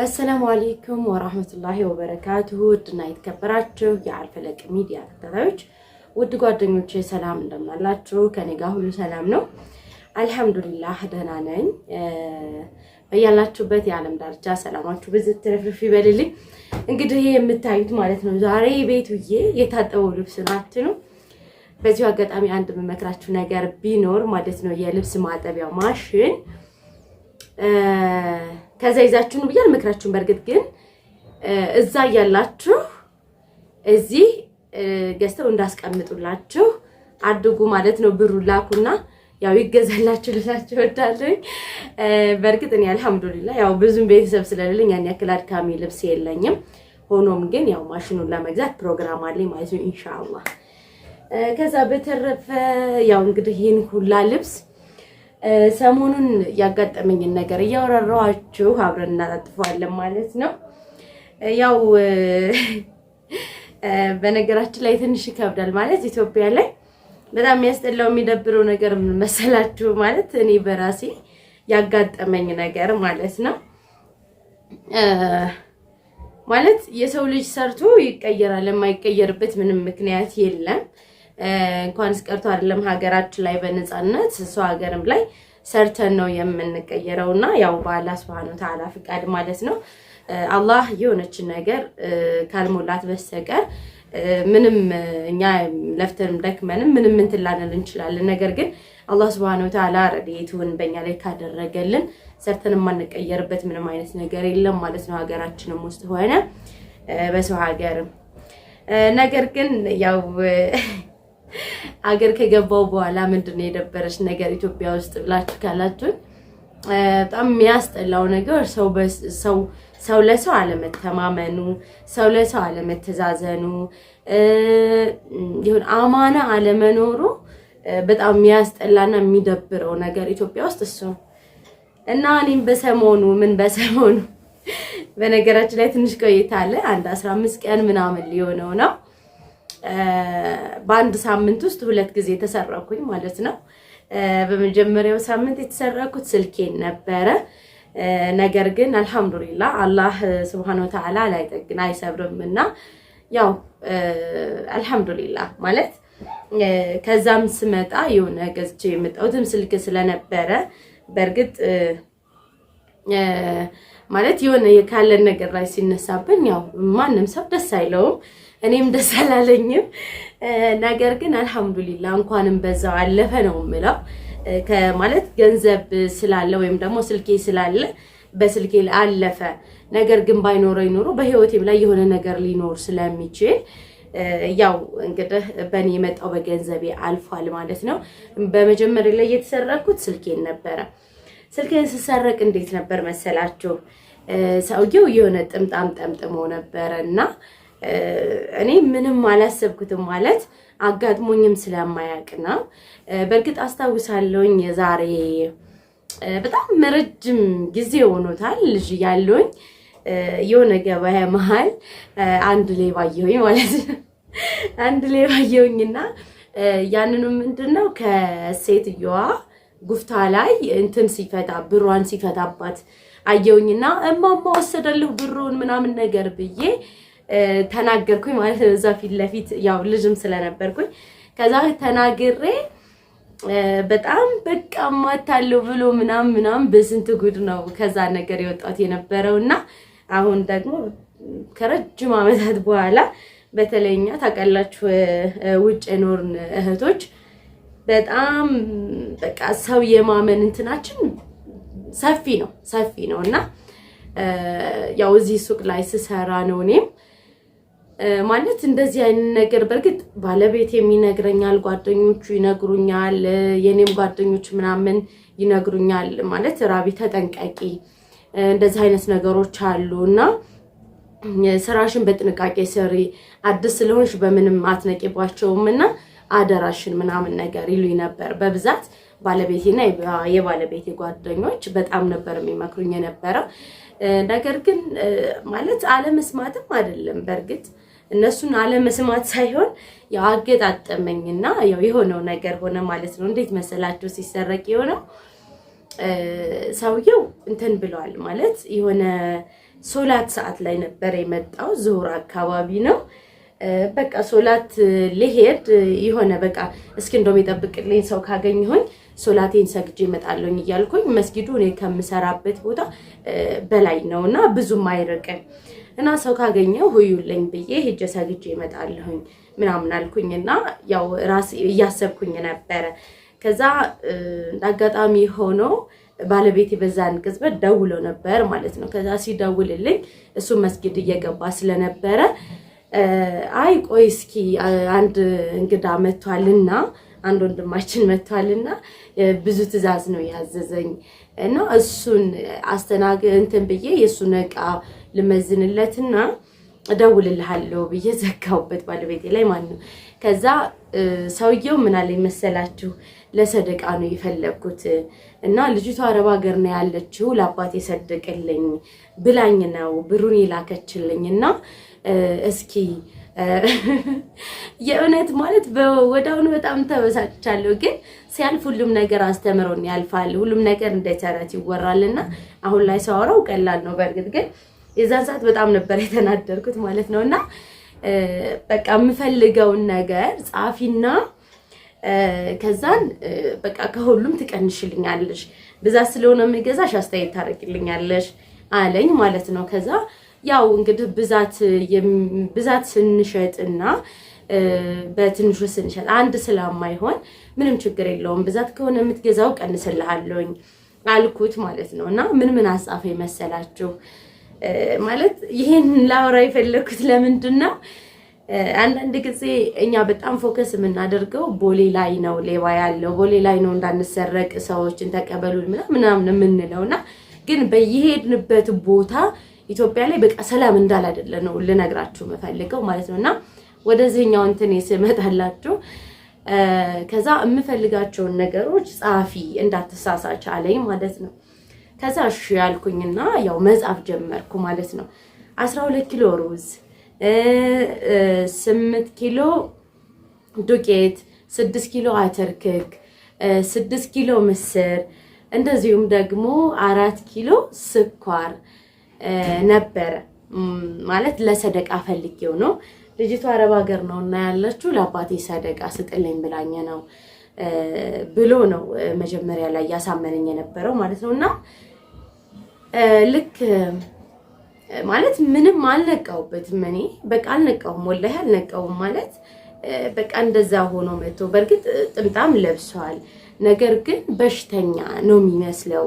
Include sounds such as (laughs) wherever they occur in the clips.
አሰላሙ አሌይኩም ወራህመቱላሂ ወበረካቱሁ። ውድና የተከበራችሁ የአልፈለቅ ሚዲያ ተከታታዮች ውድ ጓደኞች ሰላም እንደምናላችሁ? ከኔ ጋር ሁሉ ሰላም ነው አልሐምዱሊላህ ደህና ነኝ። በያላችሁበት የዓለም ዳርቻ ሰላማችሁ ብዝት ትረፍርፍ ይበልልኝ። እንግዲህ የምታዩት ማለት ነው ዛሬ ቤት ውዬ የታጠበው ልብስ ናት ነው። በዚሁ አጋጣሚ አንድ የምመክራችሁ ነገር ቢኖር ማለት ነው የልብስ ማጠቢያ ማሽን ተዘይዛችሁን ብዬ አልመክራችሁም። በእርግጥ ግን እዛ እያላችሁ እዚህ ገዝተው እንዳስቀምጡላችሁ አድጉ ማለት ነው። ብሩ ላኩና ያው ይገዛላችሁ ልላችሁ እወዳለሁኝ። በእርግጥ እኔ አልሐምዱሊላ ያው ብዙም ቤተሰብ ስለሌለኝ ያን ያክል አድካሚ ልብስ የለኝም። ሆኖም ግን ያው ማሽኑን ለመግዛት ፕሮግራም አለኝ ማለት ነው ኢንሻአላህ። ከዛ በተረፈ ያው እንግዲህ ይህን ሁላ ልብስ ሰሞኑን ያጋጠመኝን ነገር እያወራራኋችሁ አብረን እናጣጥፈዋለን ማለት ነው። ያው በነገራችን ላይ ትንሽ ይከብዳል ማለት ኢትዮጵያ ላይ በጣም የሚያስጠላው የሚደብረው ነገር ምን መሰላችሁ? ማለት እኔ በራሴ ያጋጠመኝ ነገር ማለት ነው። ማለት የሰው ልጅ ሰርቶ ይቀየራል። የማይቀየርበት ምንም ምክንያት የለም። እንኳንስ ቀርቶ አይደለም ሀገራችን ላይ በነፃነት እሱ ሀገርም ላይ ሰርተን ነው የምንቀየረው እና ያው በአላህ ሱብሃነሁ ወተዓላ ፍቃድ ማለት ነው። አላህ የሆነችን ነገር ካልሞላት በስተቀር ምንም እኛ ለፍተንም ደክመንም ምንም እንትን እንችላለን። ነገር ግን አላህ ሱብሃነሁ ወተዓላ ረድኤቱን በእኛ ላይ ካደረገልን ሰርተን የማንቀየርበት ምንም አይነት ነገር የለም ማለት ነው። ሀገራችንም ውስጥ ሆነ በሰው ሀገርም ነገር ግን ያው አገር ከገባው በኋላ ምንድን ነው የደበረች ነገር ኢትዮጵያ ውስጥ ብላችሁ ካላችሁኝ በጣም የሚያስጠላው ነገር ሰው ሰው ለሰው አለመተማመኑ፣ ሰው ለሰው አለመተዛዘኑ፣ ይሁን አማና አለመኖሩ በጣም የሚያስጠላና የሚደብረው ነገር ኢትዮጵያ ውስጥ እሱ ነው እና እኔም በሰሞኑ ምን በሰሞኑ በነገራችን ላይ ትንሽ ቆይታ አለ አንድ አስራ አምስት ቀን ምናምን ሊሆነው ነው በአንድ ሳምንት ውስጥ ሁለት ጊዜ የተሰረኩኝ ማለት ነው። በመጀመሪያው ሳምንት የተሰረኩት ስልኬን ነበረ። ነገር ግን አልሐምዱሊላ አላህ ስብሃነ ወተዓላ ላይጠግን አይሰብርም እና ያው አልሐምዱሊላ ማለት ከዛም ስመጣ የሆነ ገዝቼ የመጣሁትም ስልክ ስለነበረ በእርግጥ ማለት የሆነ ካለን ነገር ላይ ሲነሳብን ያው ማንም ሰው ደስ አይለውም። እኔም ደስ አላለኝም። ነገር ግን አልሐምዱሊላ እንኳንም በዛው አለፈ ነው የምለው። ማለት ገንዘብ ስላለ ወይም ደግሞ ስልኬ ስላለ በስልኬ አለፈ። ነገር ግን ባይኖረኝ ኖሮ በህይወቴም ላይ የሆነ ነገር ሊኖር ስለሚችል ያው እንግዲህ በእኔ የመጣው በገንዘቤ አልፏል ማለት ነው። በመጀመሪያ ላይ የተሰረኩት ስልኬን ነበረ። ስልኬን ስሰረቅ እንዴት ነበር መሰላችሁ? ሰውየው የሆነ ጥምጣም ጠምጥሞ ነበረ እና እኔ ምንም አላሰብኩትም ማለት አጋጥሞኝም ስለማያውቅ ነው። በእርግጥ አስታውሳለሁኝ የዛሬ በጣም ረጅም ጊዜ ሆኖታል። ልጅ ያለውኝ የሆነ ገበያ መሀል አንድ ላይ ባየሁኝ ማለት ነው አንድ ላይ ባየሁኝና ያንኑ ምንድን ነው ከሴትዮዋ ጉፍታ ላይ እንትን ሲፈታ ብሯን ሲፈታባት አየሁኝና እማማ ወሰደልሁ ብሩን ምናምን ነገር ብዬ ተናገርኩኝ ማለት ነው። እዛ ፊት ለፊት ያው ልጅም ስለነበርኩኝ ከዛ ተናግሬ በጣም በቃ ማታለው ብሎ ምናም ምናም በስንት ጉድ ነው ከዛ ነገር የወጣት የነበረው እና አሁን ደግሞ ከረጅም ዓመታት በኋላ በተለይኛ ታውቃላችሁ ውጭ የኖርን እህቶች በጣም በቃ ሰው የማመን እንትናችን ሰፊ ነው ሰፊ ነው እና ያው እዚህ ሱቅ ላይ ስሰራ ነው እኔም ማለት እንደዚህ አይነት ነገር በእርግጥ ባለቤት የሚነግረኛል ጓደኞቹ ይነግሩኛል፣ የኔም ጓደኞች ምናምን ይነግሩኛል። ማለት ራቢ ተጠንቀቂ፣ እንደዚህ አይነት ነገሮች አሉ እና ስራሽን በጥንቃቄ ስሪ፣ አዲስ ስለሆንሽ በምንም አትነቂባቸውም እና አደራሽን ምናምን ነገር ይሉኝ ነበር። በብዛት ባለቤቴና የባለቤቴ ጓደኞች በጣም ነበር የሚመክሩኝ የነበረው ነገር ግን ማለት አለመስማትም አይደለም በእርግጥ እነሱን አለመስማት ሳይሆን ያገጣጠመኝና ያው የሆነው ነገር ሆነ ማለት ነው። እንዴት መሰላቸው ሲሰረቅ የሆነው ሰውየው እንትን ብለዋል ማለት የሆነ ሶላት ሰዓት ላይ ነበር የመጣው ዙሁር አካባቢ ነው። በቃ ሶላት ልሄድ የሆነ በቃ እስኪ እንደውም የጠብቅልኝ ሰው ካገኘሁኝ ሶላቴን ሰግጄ እመጣለሁኝ እያልኩኝ መስጊዱ እኔ ከምሰራበት ቦታ በላይ ነው እና ብዙም አይርቅም እና ሰው ካገኘው ሁዩልኝ ብዬ ሄጄ ሰግጄ እመጣለሁኝ ምናምን አልኩኝ እና ያው ራሴ እያሰብኩኝ ነበረ። ከዛ አጋጣሚ ሆኖ ባለቤቴ በዛን ቅጽበት ደውሎ ነበር ማለት ነው። ከዛ ሲደውልልኝ እሱ መስጊድ እየገባ ስለነበረ አይ ቆይ እስኪ አንድ እንግዳ መጥቷልና አንድ ወንድማችን መቷልና ብዙ ትዕዛዝ ነው ያዘዘኝ እና እሱን አስተናግ እንትን ብዬ የእሱን ዕቃ ልመዝንለትና እደውልልሃለሁ ብዬ ዘጋሁበት ባለቤቴ ላይ ማለት ነው። ከዛ ሰውየው ምን አለኝ መሰላችሁ? ለሰደቃ ነው የፈለግኩት እና ልጅቷ አረብ ሀገር ነው ያለችው ለአባት የሰደቅልኝ ብላኝ ነው ብሩን የላከችልኝ እና እስኪ (laughs) የእውነት ማለት ወዳሁኑ በጣም ተበሳጭቻለሁ፣ ግን ሲያልፍ ሁሉም ነገር አስተምሮን ያልፋል። ሁሉም ነገር እንደ ተረት እና አሁን ላይ ሳወራው ቀላል ነው። በእርግጥ ግን የዛን ሰዓት በጣም ነበር የተናደርኩት ማለት ነው እና በቃ የምፈልገውን ነገር ጻፊና ከዛን በቃ ከሁሉም ትቀንሽልኛለሽ፣ ብዛት ስለሆነ የሚገዛ አስተያየት ታደርግልኛለሽ አለኝ ማለት ነው። ከዛ ያው እንግዲህ ብዛት ብዛት ስንሸጥና በትንሹ ስንሸጥ አንድ ስለማይሆን ምንም ችግር የለውም፣ ብዛት ከሆነ የምትገዛው ቀንስልሃለሁኝ አልኩት ማለት ነው። እና ምን ምን አጻፈ መሰላችሁ? ማለት ይሄን ላወራ የፈለግኩት ለምንድን ነው አንዳንድ ጊዜ እኛ በጣም ፎከስ የምናደርገው ቦሌ ላይ ነው ሌባ ያለው፣ ቦሌ ላይ ነው እንዳንሰረቅ ሰዎችን ተቀበሉ ምናምን የምንለው እና ግን በየሄድንበት ቦታ ኢትዮጵያ ላይ በቃ ሰላም እንዳል አይደለ ነው ልነግራችሁ የምፈልገው ማለት ነው። እና ወደዚህኛው እንትን ስመጣላችሁ ከዛ የምፈልጋቸውን ነገሮች ጻፊ እንዳትሳሳች አለኝ ማለት ነው። ከዛ እሺ ያልኩኝና ያው መጻፍ ጀመርኩ ማለት ነው። አስራ ሁለት ኪሎ ሩዝ ስምንት ኪሎ ዱቄት፣ ስድስት ኪሎ አተርክክ፣ ስድስት ኪሎ ምስር እንደዚሁም ደግሞ አራት ኪሎ ስኳር ነበረ። ማለት ለሰደቃ ፈልጌው ነው። ልጅቷ አረብ ሀገር ነው እና ያለችው ለአባቴ ሰደቃ ስጥልኝ ብላኝ ነው ብሎ ነው መጀመሪያ ላይ ያሳመነኝ የነበረው ማለት ነው እና ልክ ማለት ምንም አልነቃውበትም። እኔ በቃ አልነቃውም፣ ወላሂ አልነቃውም። ማለት በቃ እንደዛ ሆኖ መጥቶ በእርግጥ ጥምጣም ለብሷል፣ ነገር ግን በሽተኛ ነው የሚመስለው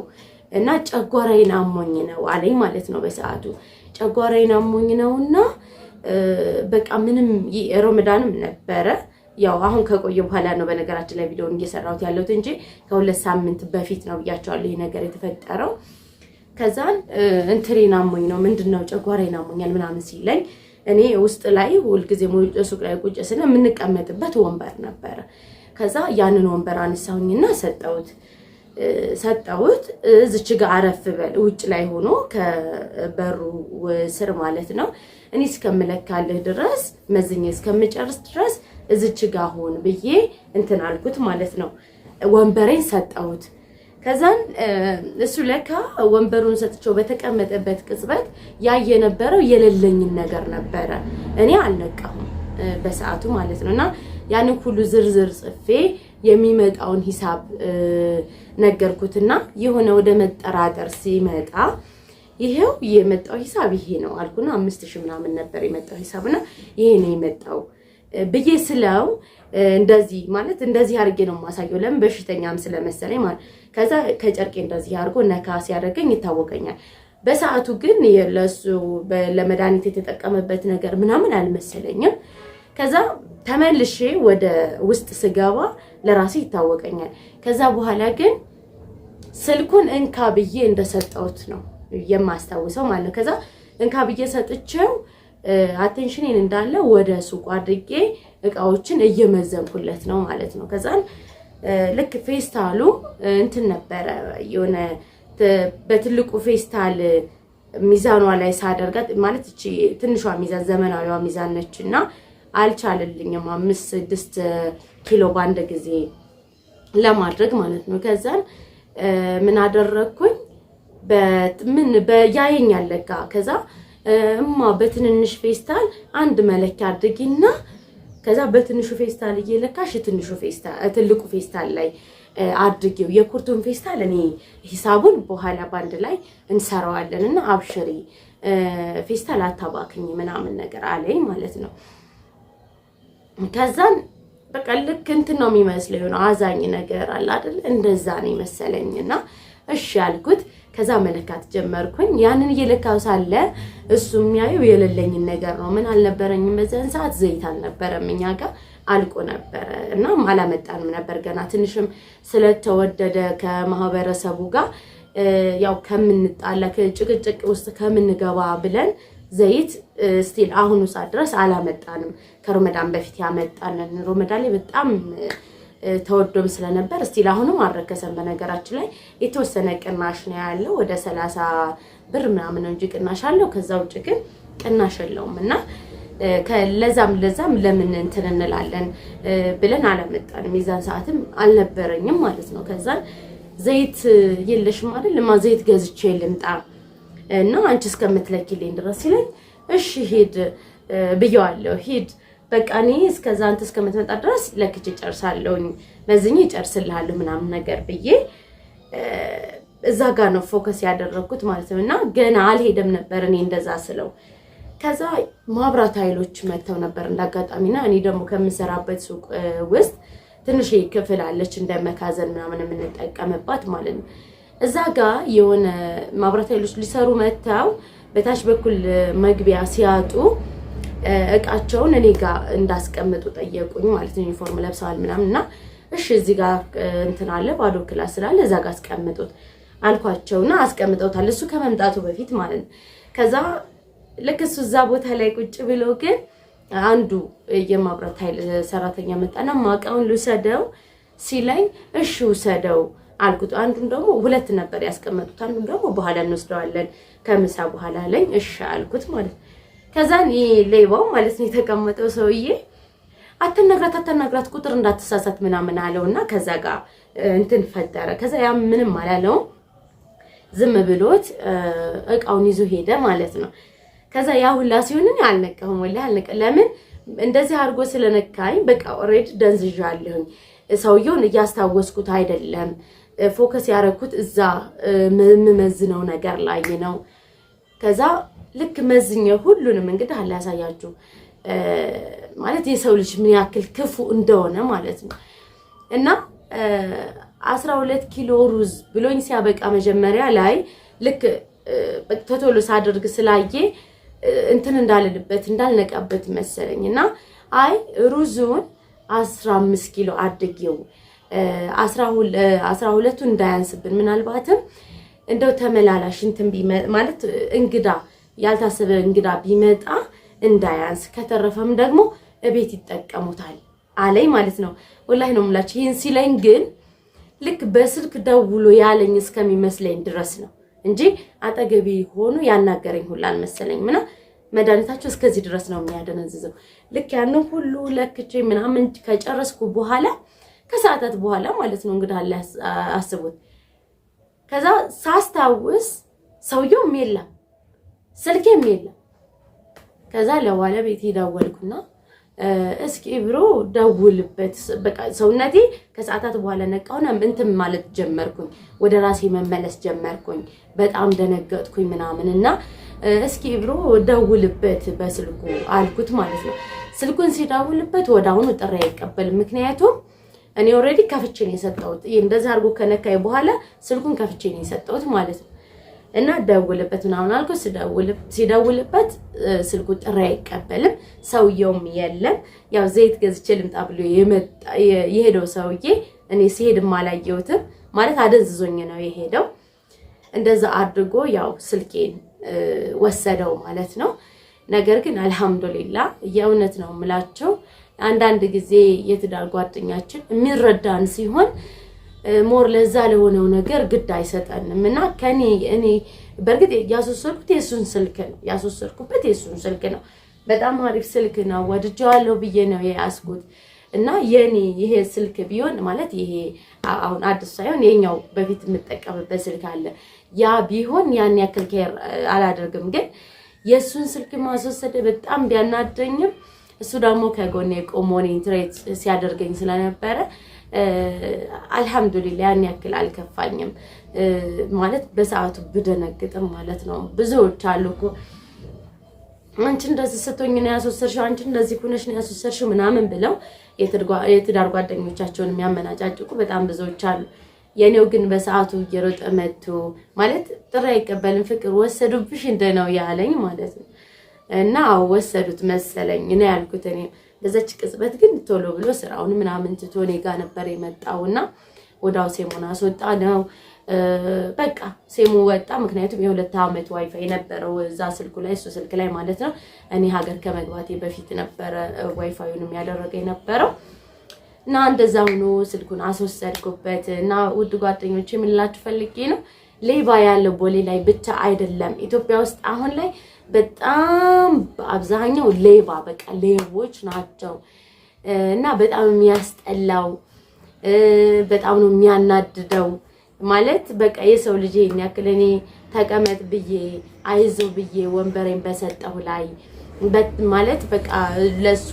እና ጨጓራዬን አሞኝ ነው አለኝ ማለት ነው። በሰዓቱ ጨጓራዬን አሞኝ ነው እና በቃ ምንም ረመዳንም ነበረ ያው አሁን ከቆየ በኋላ ነው በነገራችን ላይ ቪዲዮውን እየሰራሁት ያለሁት እንጂ ከሁለት ሳምንት በፊት ነው ብያቸዋለሁ ይሄ ነገር የተፈጠረው። ከዛን እንትሬን አሞኝ ነው ምንድን ነው ጨጓራዬን አሞኛል ምናምን ሲለኝ እኔ ውስጥ ላይ ሁልጊዜ ሱቅ ላይ ቁጭ ስለ የምንቀመጥበት ወንበር ነበረ። ከዛ ያንን ወንበር አንሳውኝና ሰጠሁት ሰጠውት እዚች ጋ አረፍ በል ውጭ ላይ ሆኖ ከበሩ ስር ማለት ነው። እኔ እስከምለካልህ ድረስ መዝኜ እስከምጨርስ ድረስ እዚች ጋ ሆን ብዬ እንትን አልኩት ማለት ነው። ወንበሬን ሰጠውት። ከዛን እሱ ለካ ወንበሩን ሰጥቼው በተቀመጠበት ቅጽበት ያየ የነበረው የሌለኝን ነገር ነበረ። እኔ አልነቃሁም በሰዓቱ ማለት ነው። እና ያንን ሁሉ ዝርዝር ጽፌ የሚመጣውን ሂሳብ ነገርኩትና የሆነ ወደ መጠራጠር ሲመጣ ይሄው የመጣው ሂሳብ ይሄ ነው አልኩና አምስት ሺህ ምናምን ነበር የመጣው ሂሳብና ይሄ ነው የመጣው ብዬ ስለው እንደዚህ ማለት እንደዚህ አድርጌ ነው የማሳየው ለምን በሽተኛም ስለመሰለኝ ማለት ከዛ ከጨርቄ እንደዚህ አድርጎ ነካ ሲያደርገኝ ይታወቀኛል። በሰዓቱ ግን ለሱ ለመድኃኒት የተጠቀመበት ነገር ምናምን አልመሰለኝም። ከዛ ተመልሼ ወደ ውስጥ ስገባ ለራሴ ይታወቀኛል። ከዛ በኋላ ግን ስልኩን እንካ ብዬ እንደሰጠሁት ነው የማስታውሰው ማለት ነው። ከዛ እንካ ብዬ ሰጥቼው አቴንሽኔን እንዳለ ወደ ሱቁ አድርጌ እቃዎችን እየመዘንኩለት ነው ማለት ነው። ከዛን ልክ ፌስታሉ እንትን ነበረ የሆነ በትልቁ ፌስታል ሚዛኗ ላይ ሳደርጋት ማለት እቺ ትንሿ ሚዛን ዘመናዊዋ ሚዛን ነች እና አልቻለልኝም። አምስት ስድስት ኪሎ በአንድ ጊዜ ለማድረግ ማለት ነው። ከዛን ምን አደረግኩኝ ምን በያየኛል ለካ ከዛ እማ በትንንሽ ፌስታል አንድ መለኪያ አድርጊና ከዛ በትንሹ ፌስታል እየለካሽ ትንሹ ፌስታል ትልቁ ፌስታል ላይ አድርጌው የኩርቱን ፌስታል እኔ ሂሳቡን በኋላ ባንድ ላይ እንሰራዋለን እና አብሽሪ ፌስታል አታባክኝ ምናምን ነገር አለኝ ማለት ነው። ከዛን በቃ ልክ እንትን ነው የሚመስለው የሆነ አዛኝ ነገር አለ አይደል? እንደዛ ነው ይመሰለኝና እሺ አልኩት። ከዛ መለካት ጀመርኩኝ። ያንን እየለካው ሳለ እሱ የሚያየው የሌለኝን ነገር ነው። ምን አልነበረኝም በዚያን ሰዓት ዘይት አልነበረም እኛ ጋር አልቆ ነበረ እና አላመጣንም ነበር። ገና ትንሽም ስለተወደደ ከማህበረሰቡ ጋር ያው ከምንጣላ ጭቅጭቅ ውስጥ ከምንገባ ብለን ዘይት ስቲል አሁኑ ሰዓት ድረስ አላመጣንም። ከሮመዳን በፊት ያመጣንን ሮመዳን ላይ በጣም ተወዶም ስለነበር እስቲል አሁንም አልረከሰም። በነገራችን ላይ የተወሰነ ቅናሽ ነው ያለው ወደ ሰላሳ ብር ምናምን እንጂ ቅናሽ አለው። ከዛ ውጭ ግን ቅናሽ የለውም እና ለዛም ለዛም ለምን እንትን እንላለን ብለን አላመጣንም። የዛን ሰዓትም አልነበረኝም ማለት ነው። ከዛ ዘይት የለሽም አይደል? ለማ ዘይት ገዝቼ ልምጣ እና አንቺ እስከምትለኪልኝ ድረስ ሲለኝ እሺ ሂድ ብየዋለሁ ሂድ በቃ እኔ እስከዛ አንተ እስከምትመጣ ድረስ ለክቼ ጨርሳለሁኝ መዝኝ ጨርስልሃለሁ ምናምን ነገር ብዬ እዛ ጋር ነው ፎከስ ያደረግኩት ማለት ነው። እና ገና አልሄደም ነበር እኔ እንደዛ ስለው፣ ከዛ ማብራት ኃይሎች መጥተው ነበር እንዳጋጣሚና እኔ ደግሞ ከምሰራበት ሱቅ ውስጥ ትንሽ ክፍል አለች እንደ መካዘን ምናምን የምንጠቀምባት ማለት ነው። እዛ ጋር የሆነ ማብራት ኃይሎች ሊሰሩ መጥተው በታች በኩል መግቢያ ሲያጡ እቃቸውን እኔ ጋር እንዳስቀምጡ ጠየቁኝ ማለት ነው። ዩኒፎርም ለብሰዋል ምናምን እና እሺ እዚህ ጋር እንትን አለ ባዶ ክላስ ስላለ እዛ ጋር አስቀምጡት አልኳቸውና አስቀምጠውታል። እሱ ከመምጣቱ በፊት ማለት ነው። ከዛ ልክ እሱ እዛ ቦታ ላይ ቁጭ ብሎ ግን አንዱ የማብራት ኃይል ሰራተኛ መጣና ማቃውን ልውሰደው ሲለኝ እሺ ውሰደው አልኩት። አንዱን ደግሞ ሁለት ነበር ያስቀመጡት፣ አንዱን ደግሞ በኋላ እንወስደዋለን ከምሳ በኋላ አለኝ። እሺ አልኩት ማለት ነው። ከዛን ሌባው ማለት ነው የተቀመጠው ሰውዬ አትነግራት አትነግራት ቁጥር እንዳትሳሳት ምናምን አለውና ከዛ ጋር እንትን ፈጠረ። ከዛ ያ ምንም አላለውም ዝም ብሎት እቃውን ይዞ ሄደ ማለት ነው። ከዛ ያ ሁላ ሲሆንን እኔ ወላ ወላሂ ለምን እንደዚህ አድርጎ ስለነካኝ በቃ ኦልሬዲ ደንዝዣለሁኝ። ሰውየውን እያስታወስኩት አይደለም፣ ፎከስ ያደረኩት እዛ የምመዝነው ነገር ላይ ነው። ከዛ ልክ መዝኘ ሁሉንም እንግዲህ አላሳያችሁ ማለት የሰው ልጅ ምን ያክል ክፉ እንደሆነ ማለት ነው። እና 12 ኪሎ ሩዝ ብሎኝ ሲያበቃ መጀመሪያ ላይ ልክ ተቶሎ ሳደርግ ስላየ እንትን እንዳልልበት እንዳልነቃበት መሰለኝ እና አይ ሩዙን 15 ኪሎ አድጌው አስራ ሁለቱን እንዳያንስብን ምናልባትም እንደው ተመላላሽ እንትን ማለት እንግዳ ያልታሰበ እንግዳ ቢመጣ እንዳያንስ ከተረፈም ደግሞ እቤት ይጠቀሙታል አለኝ ማለት ነው። ወላሂ ነው የምላችሁ። ይህን ሲለኝ ግን ልክ በስልክ ደውሎ ያለኝ እስከሚመስለኝ ድረስ ነው እንጂ አጠገቢ ሆኖ ያናገረኝ ሁላ አልመሰለኝም። እና መድኃኒታቸው እስከዚህ ድረስ ነው የሚያደነዝዘው። ልክ ያንን ሁሉ ለክቼ ምናምን ከጨረስኩ በኋላ ከሰዓታት በኋላ ማለት ነው እንግዲህ አስቡት። ከዛ ሳስታውስ ሰውየውም የለም ስልኬም የለም። ከዛ ለባለቤቴ ደወልኩና እስኪ ብሮ ደውልበት በቃ ሰውነቴ ከሰዓታት በኋላ ነቃሁና እንትን ማለት ጀመርኩኝ። ወደ ራሴ መመለስ ጀመርኩኝ። በጣም ደነገጥኩኝ ምናምን እና እስኪ ብሮ ደውልበት በስልኩ አልኩት ማለት ነው። ስልኩን ሲደውልበት ወደ አሁኑ ጥሪ አይቀበልም። ምክንያቱም እኔ ኦልሬዲ ከፍቼ ነው የሰጠሁት። እንደዚህ አድርጎ ከነካኝ በኋላ ስልኩን ከፍቼ ነው የሰጠሁት ማለት ነው። እና ደውልበት ምናምን አልኩ። ሲደውልበት ስልኩ ጥሪ አይቀበልም፣ ሰውየውም የለም። ያው ዘይት ገዝቼ ልምጣ ብሎ የሄደው ሰውዬ እኔ ሲሄድ አላየሁትም፣ ማለት አደንዝዞኝ ነው የሄደው። እንደዛ አድርጎ ያው ስልኬን ወሰደው ማለት ነው። ነገር ግን አልሐምዱሊላ የእውነት ነው የምላቸው። አንዳንድ ጊዜ የትዳር ጓደኛችን የሚረዳን ሲሆን ሞር ለዛ ለሆነው ነገር ግድ አይሰጠንም እና ከኔ እኔ በእርግጥ ያስወሰድኩት የሱን ስልክ ነው ያስወሰድኩበት የሱን ስልክ ነው። በጣም አሪፍ ስልክ ነው ወድጀዋለሁ ብዬ ነው የያዝኩት እና የኔ ይሄ ስልክ ቢሆን ማለት ይሄ አሁን አዲስ ሳይሆን የኛው በፊት የምጠቀምበት ስልክ አለ። ያ ቢሆን ያን ያክል ኬር አላደርግም። ግን የእሱን ስልክ ማስወሰደ በጣም ቢያናደኝም እሱ ደግሞ ከጎኔ ቆሞ እኔን ትሬት ሲያደርገኝ ስለነበረ አልሐምዱሊላ ያን ያክል አልከፋኝም ማለት በሰዓቱ ብደነግጥም ማለት ነው። ብዙዎች አሉ እኮ አንቺ እንደዚህ ስቶኝ ነው ያስወሰርሽው፣ አንቺ እንደዚህ ሆነሽ ነው ያስወሰርሽው ምናምን ብለው የትዳር ጓደኞቻቸውን የሚያመናጫጭቁ በጣም ብዙዎች አሉ። የኔው ግን በሰዓቱ እየሮጠ መጥቶ ማለት ጥሪ አይቀበልም። ፍቅር ወሰዱብሽ እንደ ነው ያለኝ ማለት ነው። እና ወሰዱት መሰለኝ እኔ ያልኩት እኔ በዛች ቅጽበት ግን ቶሎ ብሎ ስራውን ምናምን ትቶ እኔ ጋ ነበር የመጣውና ወዳው ሴሞን አስወጣ ነው በቃ ሴሙ ወጣ። ምክንያቱም የሁለት ዓመት ዋይፋይ ነበረው እዛ ስልኩ ላይ እሱ ስልክ ላይ ማለት ነው። እኔ ሀገር ከመግባቴ በፊት ነበረ ዋይፋዩንም ያደረገ የነበረው እና እንደዛ ሆኖ ስልኩን አስወሰድኩበት። እና ውድ ጓደኞች የምንላችሁ ፈልጌ ነው ሌባ ያለው ቦሌ ላይ ብቻ አይደለም ኢትዮጵያ ውስጥ አሁን ላይ በጣም በአብዛኛው ሌባ በቃ ሌቦች ናቸው እና በጣም የሚያስጠላው በጣም ነው የሚያናድደው። ማለት በቃ የሰው ልጅ ይሄን ያክል እኔ ተቀመጥ ብዬ አይዞ ብዬ ወንበሬን በሰጠው ላይ ማለት በቃ ለሱ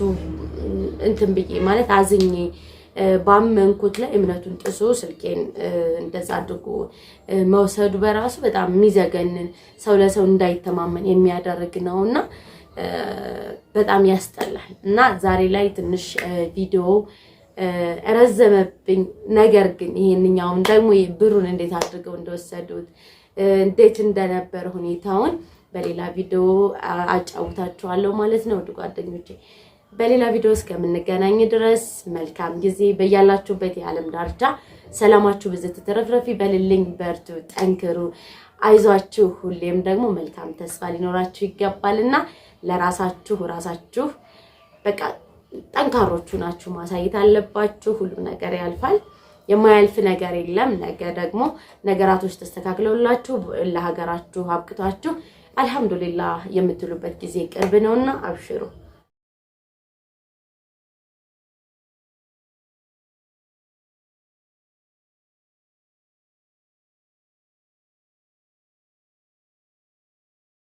እንትን ብዬ ማለት አዝኜ ባመንኩት ላይ እምነቱን ጥሶ ስልኬን እንደዛ አድርጎ መውሰዱ በራሱ በጣም የሚዘገንን ሰው ለሰው እንዳይተማመን የሚያደርግ ነው እና በጣም ያስጠላል እና ዛሬ ላይ ትንሽ ቪዲዮ ረዘመብኝ። ነገር ግን ይሄንኛውም ደግሞ ብሩን እንዴት አድርገው እንደወሰዱት እንዴት እንደነበር ሁኔታውን በሌላ ቪዲዮ አጫውታችኋለሁ ማለት ነው። ጓደኞቼ በሌላ ቪዲዮ እስከምንገናኝ ድረስ መልካም ጊዜ። በያላችሁበት የዓለም ዳርቻ ሰላማችሁ ብዙ ትትረፍረፊ በልልኝ። በርቱ፣ ጠንክሩ፣ አይዟችሁ። ሁሌም ደግሞ መልካም ተስፋ ሊኖራችሁ ይገባልና ለራሳችሁ ራሳችሁ በቃ ጠንካሮቹ ናችሁ ማሳየት አለባችሁ። ሁሉም ነገር ያልፋል። የማያልፍ ነገር የለም። ነገ ደግሞ ነገራቶች ተስተካክለውላችሁ ለሀገራችሁ አብቅቷችሁ አልሐምዱሊላህ የምትሉበት ጊዜ ቅርብ ነውና አብሽሩ።